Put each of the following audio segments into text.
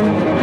Thank you.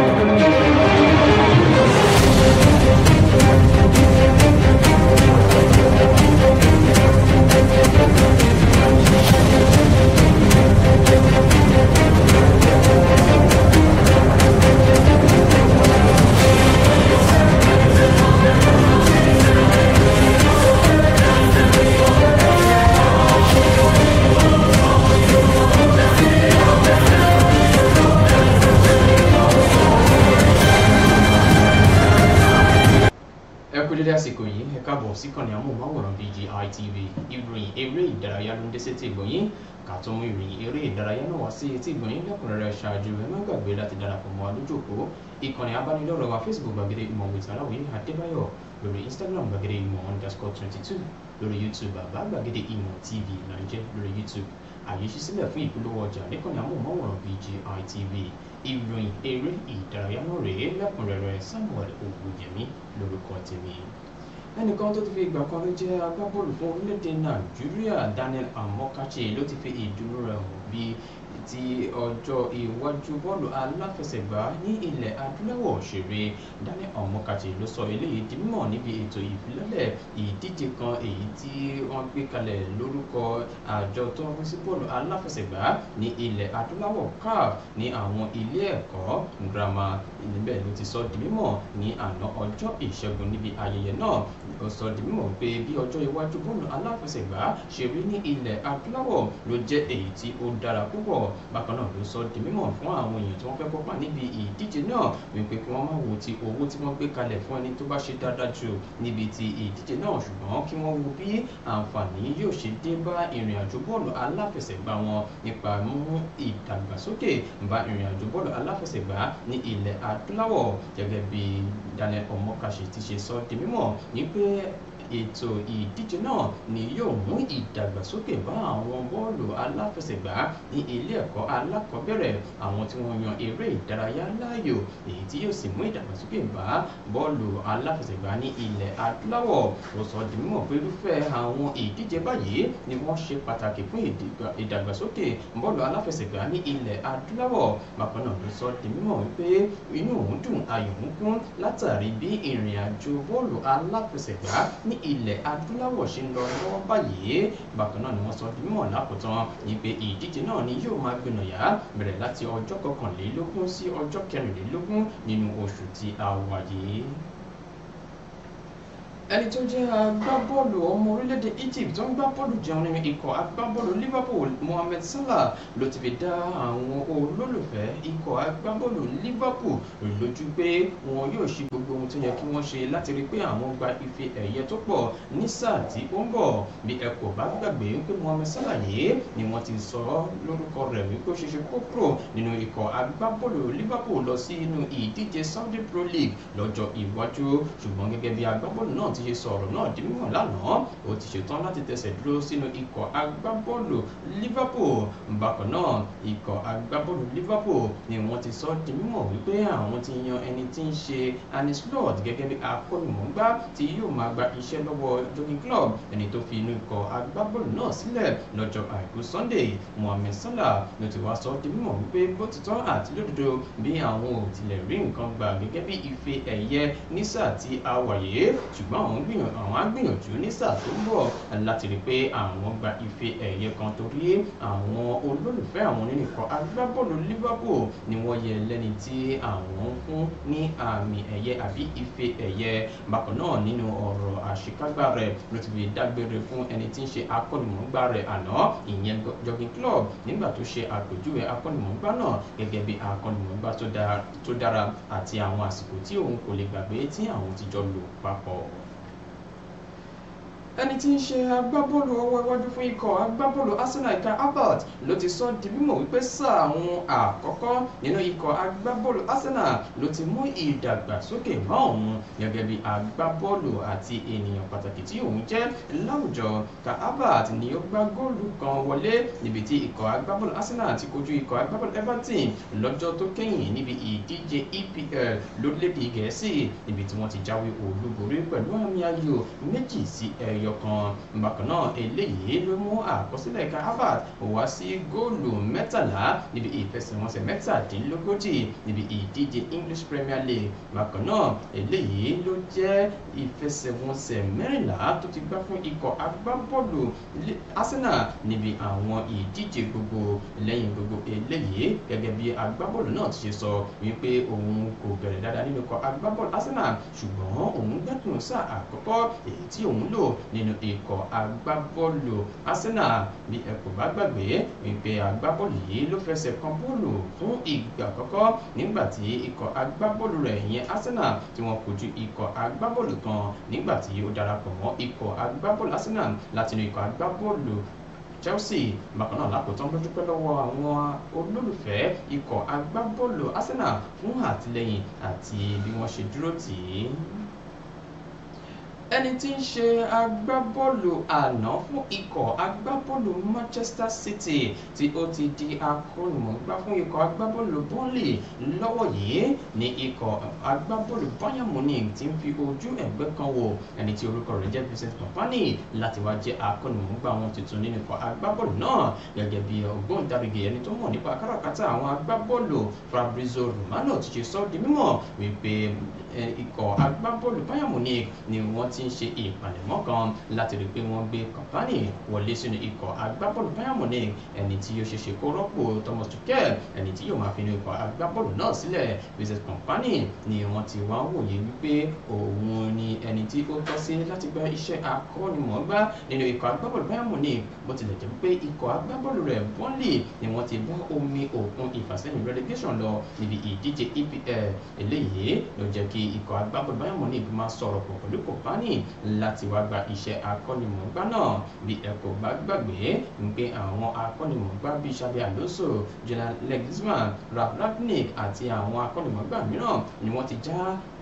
kàn síkànnì amóhùnmáwòrán BGI TV ìròyìn eré ìdárayá ló ń dé sétí ìgbọ̀nyín kàtó mú ìròyìn eré ìdárayá náà wá sí etí ìgbọ̀nyín lẹ́kùnrẹ́rẹ́ ṣáájú Facebook gbàgede ìmọ̀ wìtì aláwòye Adébáyọ̀ lórí Instagram gbàgede ìmọ̀ underscore twenty two lórí YouTube bàbá gbàgede ìmọ̀ TV nàìjẹ́ lórí YouTube àyè ṣí sílẹ̀ fún ìpolówó ọjà níkànnì amóhùnmáwòrán BGI TV ìròyìn eré ìdárayá náà rèé lẹ́kùnrẹ́rẹ́ Samuel Ògùnyẹmí lórúkọ tèmi ẹnìkan tó ti fi ìgbà kan rí jẹ́ agbábọ́ọ̀lù fún orílẹ̀-èdè nàìjíríà Daniel Amokachi ló ti fi ìdúró rẹ̀ hàn bí ti ọjọ́ iwájú bọ́ọ̀lù aláfẹsẹ̀gbá ní ilẹ̀ adúláwọ̀ ṣeré Daniel Ọmọkàtì ló sọ eléyìí di mímọ̀ níbi ètò ìfilọ́lẹ̀ ìdíje kan èyí tí wọ́n gbé kalẹ̀ lórúkọ àjọ tó ń fún sí bọ́ọ̀lù aláfẹsẹ̀gbá ní ilẹ̀ adúláwọ̀ CAF ní àwọn ilé ẹ̀kọ́ girama níbẹ̀ ló ti sọ di mímọ̀ ní àná ọjọ́ ìṣẹ́gun níbi ayẹyẹ náà ó sọ di mímọ̀ pé bí ọjọ́ iwájú bọ́ọ̀lù aláfẹsẹ̀gbá ṣe rí ní ilẹ̀ adúláwọ̀ ló jẹ́ èyí tí ó dára púpọ̀ lọ́wọ́ bákan náà ló sọ di mímọ̀ fún àwọn èèyàn tí wọ́n fẹ́ kópa níbi ìdíje náà wípé kí wọ́n má wo ti owó tí wọ́n gbé kalẹ̀ fún ẹni tó bá ṣe dáadáa jù níbi ti ìdíje náà ṣùgbọ́n kí wọ́n wo bí àǹfààní yóò ṣe dé bá ìrìn àjò bọ́ọ̀lù aláfẹsẹ̀gbá wọn nípa mímú ìdàgbàsókè bá ìrìn àjò bọ́ọ̀lù aláfẹsẹ̀gbá ní ilẹ̀ adúláwọ̀ gẹ́gẹ́ bí Daniel Omokashi ti ṣe sọ di mímọ̀ ètò ìdíje náà ni yóò mú ìdàgbàsókè bá àwọn bọ́ọ̀lù aláfẹsẹ̀gbá ní ilé ẹ̀kọ́ alákọ̀ọ́bẹ̀rẹ̀ àwọn tí wọ́n yan eré ìdárayá láàyò èyí tí yóò sì mú ìdàgbàsókè bá bọ́ọ̀lù aláfẹsẹ̀gbá ní ilẹ̀ adúláwọ̀ ó sọ di mímọ̀ pé irúfẹ́ àwọn ìdíje báyìí ni wọ́n ṣe pàtàkì fún ìdàgbàsókè bọ́ọ̀lù aláfẹsẹ̀gbá ní ilẹ̀ adúláwọ̀ bákan náà ló sọ di mímọ̀ wípé inú òun dùn ayọ̀ ń kún látàrí bí ilẹ̀ adúláwọ̀ ṣe ń lọ lọ́wọ́ báyìí bákan náà ni wọ́n sọ di mímọ̀ lákòótán ìpè ìdíje náà ni yóò máa gbìnàyà bẹ̀rẹ̀ láti ọjọ́ kọkànlélógún sí ọjọ́ kẹrìnlélógún nínú oṣù tí a wà yìí ẹni tó jẹ́ agbábọ́ọ̀lù ọmọ orílẹ̀-èdè Egypt tó ń gbá bọ́ọ̀lù jẹun nínú ikọ̀ agbábọ́ọ̀lù Liverpool Mohamed Salah ló ti fi dá àwọn olólùfẹ́ ikọ̀ agbábọ́ọ̀lù Liverpool lójú pé wọn yóò ṣe gbogbo ohun tó yẹ kí wọ́n ṣe láti rí pé àwọn gba ife ẹ̀yẹ tó pọ̀ ní sáà tí ó ń bọ̀ bí ẹ kò bá gbàgbé pé Mohamed Salah yìí ni wọ́n ti sọ lórúkọ rẹ̀ wípé ó ṣeṣe kó kúrò nínú Liverpool lọ sí inú ìdíje Saudi Pro League lọ́jọ́ iwájú ṣùgbọ́n gẹ́gẹ́ bí agbábọ́ọ̀lù náà ti ṣe sọ̀rọ̀ náà di mímọ̀ lánàá ó ti ṣetán láti tẹsẹ̀ dúró sínú ikọ̀ agbábọ́ọ̀lù Liverpool bákan náà ikọ̀ agbábọ́ọ̀lù Liverpool ni wọ́n ti sọ di mímọ̀ wípé àwọn ti yan ẹni tí ń ṣe Arne Slot gẹ́gẹ́ bí akọ́nimọ̀ọ́gbá tí yóò máa gba iṣẹ́ lọ́wọ́ Jurgen Klopp ẹni tó fi inú ikọ̀ agbábọ́ọ̀lù náà sílẹ̀ lọ́jọ́ àìkú Sunday Mohammed Salah ló ti wá sọ di mímọ̀ wípé bó ti tọ́ àti lódodo bí àwọn ò tilẹ̀ rí nǹkan gbà gẹ́gẹ́ bí ife ẹ̀yẹ ní sáà tí a wà yìí ṣùgbọ́n àwọn gbìyànjú àwọn agbìyànjú ní sáà tó ń bọ̀ láti rí pé àwọn gba ife ẹ̀yẹ kan torí àwọn olólùfẹ́ àwọn onínìkọ́ agbábọ́ọ̀lù Liverpool ni wọ́n yẹ lẹ́ni tí àwọn ń fún ní àmì ẹ̀yẹ àbí ife ẹ̀yẹ bákan náà nínú ọ̀rọ̀ àṣekágbá rẹ̀ ló ti fi dágbére fún ẹni tí ń ṣe akọ́nìmọ̀ọ́gbá rẹ̀ àná ìyẹn jogging club nígbà tó ṣe àpèjúwe akọ́nìmọ̀ọ́gbá náà gẹ́gẹ́ bí akọ́nìmọ̀ọ́gbá tó dára àti àwọn àsìkò tí òun kò lè gbàgbé tí àwọn ti jọ lò papọ̀ ẹni tí ń ṣe agbábọ́ọ̀lù ọwọ́ iwájú fún ikọ̀ agbábọ́ọ̀lù Arsenal Kai Havertz ló ti sọ di mímọ̀ wípé sáà òun àkọ́kọ́ nínú ikọ̀ agbábọ́ọ̀lù Arsenal ló ti mú ìdàgbàsókè bá òun gẹ́gẹ́ bí agbábọ́ọ̀lù àti ènìyàn pàtàkì tí òun jẹ́ láwùjọ Kai Havertz ni ó gbá góòlù kan wọlé níbi tí ikọ̀ agbábọ́ọ̀lù Arsenal ti kojú ikọ̀ agbábọ́ọ̀lù Everton lọ́jọ́ tó kẹ́yìn níbi ìdíje EPL lórílẹ̀ ẹyọ kan bákan náà eléyìí ló mú àkọsílẹ̀ ikán harvard wá sí góòlù mẹ́tàlá níbi ìfẹsẹ̀wọnsẹ̀ mẹ́tàdínlógójì níbi ìdíje english premier league bákan náà eléyìí ló jẹ́ ìfẹsẹ̀wọnsẹ̀ mẹ́rìnlá tó ti gbá fún ikọ̀ agbábọ́ọ̀lù arsenal níbi àwọn ìdíje gbogbo lẹ́yìn gbogbo eléyìí gẹ́gẹ́ bí agbábọ́ọ̀lù náà ti ṣe sọ wípé òun kò bẹ̀rẹ̀ dáadáa nínú ikọ̀ agbábọ́ọ̀lù arsenal ṣùgbọ́n òun gbẹ́dùn nínú ikọ̀ agbábọ́ọ̀lù Arsenal bí ẹ kò bá gbàgbé wípé agbábọ́ọ̀lù yìí ló fẹsẹ̀ kan bọ́ọ̀lù fún ìgbà àkọ́kọ́ nígbà tí ikọ̀ agbábọ́ọ̀lù rẹ̀ ìyẹn Arsenal tí wọ́n kojú ikọ̀ agbábọ́ọ̀lù kan nígbà tí ó darapọ̀ mọ́ ikọ̀ agbábọ́ọ̀lù Arsenal látinú ikọ̀ agbábọ́ọ̀lù Chelsea bákan náà lákòótán ló dúpẹ́ lọ́wọ́ àwọn olólùfẹ́ ikọ̀ agbábọ́ọ̀lù Arsenal fún àtìlẹ́yìn àti bí wọ́n ṣe dúró tì í ẹni tí ń ṣe agbábọ́ọ̀lù àná fún ikọ̀ agbábọ́ọ̀lù Manchester City tí ó ti di akọ́nìmọ̀gbá fún ikọ̀ agbábọ́ọ̀lù Burnley lọ́wọ́ yìí ní ikọ̀ agbábọ́ọ̀lù Bayern Munich ti ń fi ojú ẹgbẹ́ kan wò ẹni tí orúkọ rẹ̀ jẹ́ Vincent Kompany láti wá jẹ́ akọ́nìmọ̀gbá wọn tuntun nínú ikọ̀ agbábọ́ọ̀lù náà gẹ́gẹ́ bí ògbóǹtarìgì ẹni tó mọ̀ nípa káràkátà àwọn agbábọ́ọ̀lù Fabrizio Romano ti ṣe sọ́ di mímọ̀ wípé ikọ̀ agbábọ́ọ̀lù Bayern Munich ni wọ́n t tí ń ṣe ìpalẹ̀mọ́ kan láti rí pé wọ́n gbé Kompany wọlé sínú ikọ̀ agbábọ́ọ̀lù Bayern Munich ẹni tí yóò ṣeéṣe kó rọ́pò Thomas Tuchel ẹni tí yóò máa fi inú ikọ̀ agbábọ́ọ̀lù náà sílẹ̀ vincent Kompany ni wọ́n ti wá wòye wípé òun ni ẹni tí ó tọ́ sí láti gba iṣẹ́ akọ́nimọ̀ọ́gbá nínú ikọ̀ agbábọ́ọ̀lù Bayern Munich bó tilẹ̀ jẹ́ pé ikọ̀ agbábọ́ọ̀lù rẹ̀ bọ́ọ̀lì ni wọ́n ti bá omi òkun ìfàsẹ́yìn relegation lọ níbi ìdíje EPL eléyìí ló jẹ́ kí ikọ̀ agbábọ́ọ̀lù Bayern Munich máa sọ̀rọ̀ pọ̀ pẹ̀lú Kompany Germany láti wá gba iṣẹ́ akọ́nimọ̀ọ́gbá náà bí ẹ kò bá gbàgbé pé àwọn akọ́nimọ̀ọ́gbá bíi Xabi Alonso Julian Nagelsmann Ralf Rangnick àti àwọn akọ́nimọ̀ọ́gbá mìíràn ni wọ́n ti já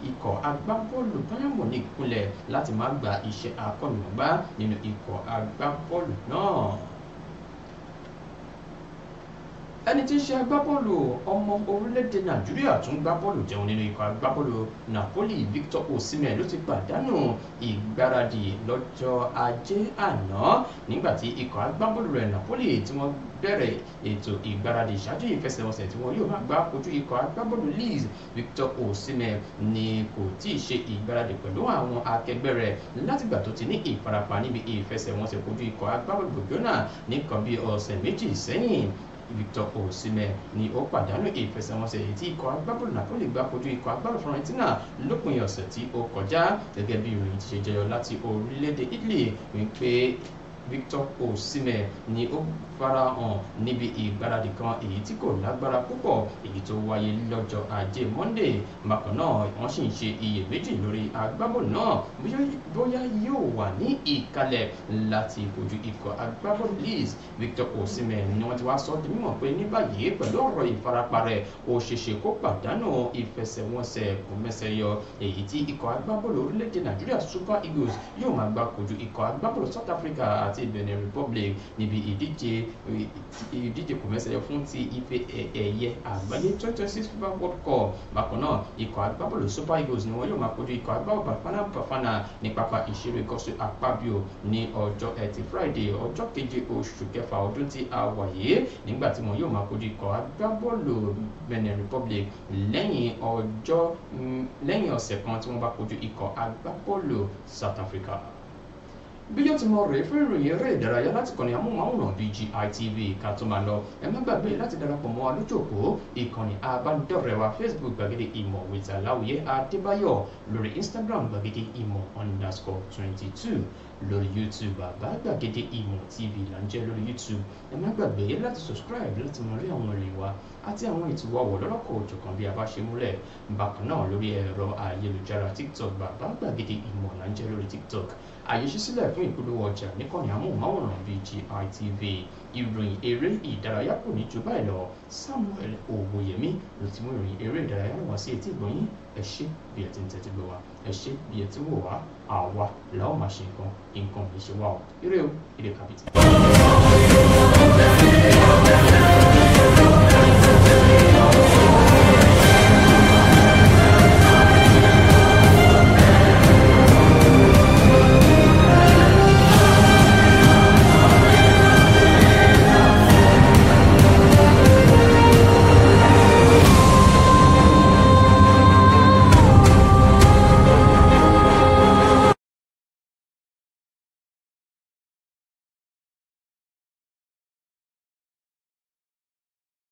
ikọ̀ agbábọ́ọ̀lù Bayern Munich kulẹ̀ láti má gba iṣẹ́ akọ́nimọ̀ọ́gbá nínú ikọ̀ agbábọ́ọ̀lù náà ẹni tí ń ṣe agbábọ́ọ̀lù ọmọ orílẹ̀-èdè nàìjíríà tó ń gbábọ́ọ̀lù jẹun nínú ikọ̀ agbábọ́ọ̀lù napoli victor osimhen ló ti pàdánù ìgbáradì lọ́jọ́ ajé àná nígbà tí ikọ̀ agbábọ́ọ̀lù rẹ̀ napoli tí wọ́n bẹ̀rẹ̀ ètò ìgbáradì ìṣáájú ìfẹsẹ̀wọnsẹ̀ tí wọ́n yóò máa gbá kojú ikọ̀ agbábọ́ọ̀lù leeds victor osimhen ni kò tí ì ṣe ìgbáradì pẹ̀lú àwọn akẹgbẹ́ rẹ̀ látìgbà tó ti ní ìfarapa níbi ìfẹsẹ̀wọnsẹ̀ kojú ikọ̀ agbábọ́ọ̀lù gbòjọ́nà nìkan bíi ọ̀sẹ̀ méjì sẹ́yìn Victor Osimhen ni ó pàdánù ìfẹsẹ̀wọnsẹ̀ èyí tí ikọ̀ agbábọ́ọ̀lù Napoli gbá kojú ikọ̀ agbábọ́ọ̀lù Fiorentina lópin ọ̀sẹ̀ tí ó kọjá gẹ́gẹ́ bí ìròyìn ti ṣe jẹyọ láti orílẹ̀-èdè Italy wípé Victor Osimhen ni ó farahàn níbi ìgbáradì kan èyí tí kò lágbára púpọ̀ èyí tó wáyé lọ́jọ́ ajé Monday bákan náà wọ́n sì ń ṣe iyèméjì lórí agbábọ́ọ̀lù náà bóyá yóò wà ní ìkàlẹ̀ láti kojú ikọ̀ agbábọ́ọ̀lù Leeds Victor Osimhen ni wọ́n ti wá sọ ọ́ di mímọ̀ pé ní báyìí pẹ̀lú ọ̀rọ̀ ìfarapa rẹ̀ ó ṣeéṣe kó pàdánù ìfẹsẹ̀wọnsẹ̀ kò mẹsẹ̀ yọ èyí tí ikọ̀ agbábọ́ọ̀lù orílẹ̀-èdè South Africa àti Benin Republic níbi ìdíje ìdíje kò mẹ́sẹ̀lẹ̀ fún ti ife ẹ̀yẹ àgbáyé twenty six FIFA World Cup bákan náà ikọ̀ agbábọ́ọ̀lù Super Eagles ni wọ́n yóò máa kojú ikọ̀ agbábọ́ọ̀lù Bafana Bafana ní pápá ìṣeré Godswill Akpabio ní ọjọ́ ẹtì Friday ọjọ́ keje oṣù kẹfà ọdún tí a wà yìí nígbà tí wọ́n yóò máa kojú ikọ̀ agbábọ́ọ̀lù Benin Republic lẹ́yìn ọjọ́ lẹ́yìn ọ̀sẹ̀ kan tí wọ́n bá kojú ikọ̀ agbábọ́ọ̀lù South Africa bí yóò ti lọ rèé fún ìròyìn eré ìdárayá láti kànnì amóhùnmáwòrán BGI TV ká tó máa lọ ẹ má gbàgbé láti darapọ̀ mọ́ alójòkó ìkànnì abánidọ́rẹ̀ẹ́ wa Facebook gbàgede ìmọ̀ wìtàláwìyé adébáyọ̀ lórí Instagram gbàgede ìmọ̀ underscore twenty two lórí youtube àgbà gbàgede ìmọ̀ tv là ń jẹ́ lórí youtube ẹ má gbàgbé láti subscribe láti mọ rí àwọn ìrìn wa àti àwọn ètò wa wò lọ́lọ́kọ̀ òjọ̀kan bí a bá ṣe múlẹ̀ bákan náà lórí ẹ̀rọ ayélujára tiktok bàbá gbàgede ìmọ̀ là ń jẹ́ lórí tiktok àyè ṣí sílẹ̀ fún ìpolówó ọjà níkànnì amóhùnmáwòrán bíi gitv ìròyìn eré ìdárayá kò ní jù báyìí lọ Samuel Owóyẹmí ló ti mú ìròyìn eré ìdárayá wá sí etí ìgbọ̀nyín ẹ ṣé bí ẹ ti ń tẹ́tí gbọ́ wa ẹ ṣé bí ẹ ti wò wá àwa la ó máa ṣe nǹkan nǹkan kì í ṣe wá o eré o èdè kàbìtì.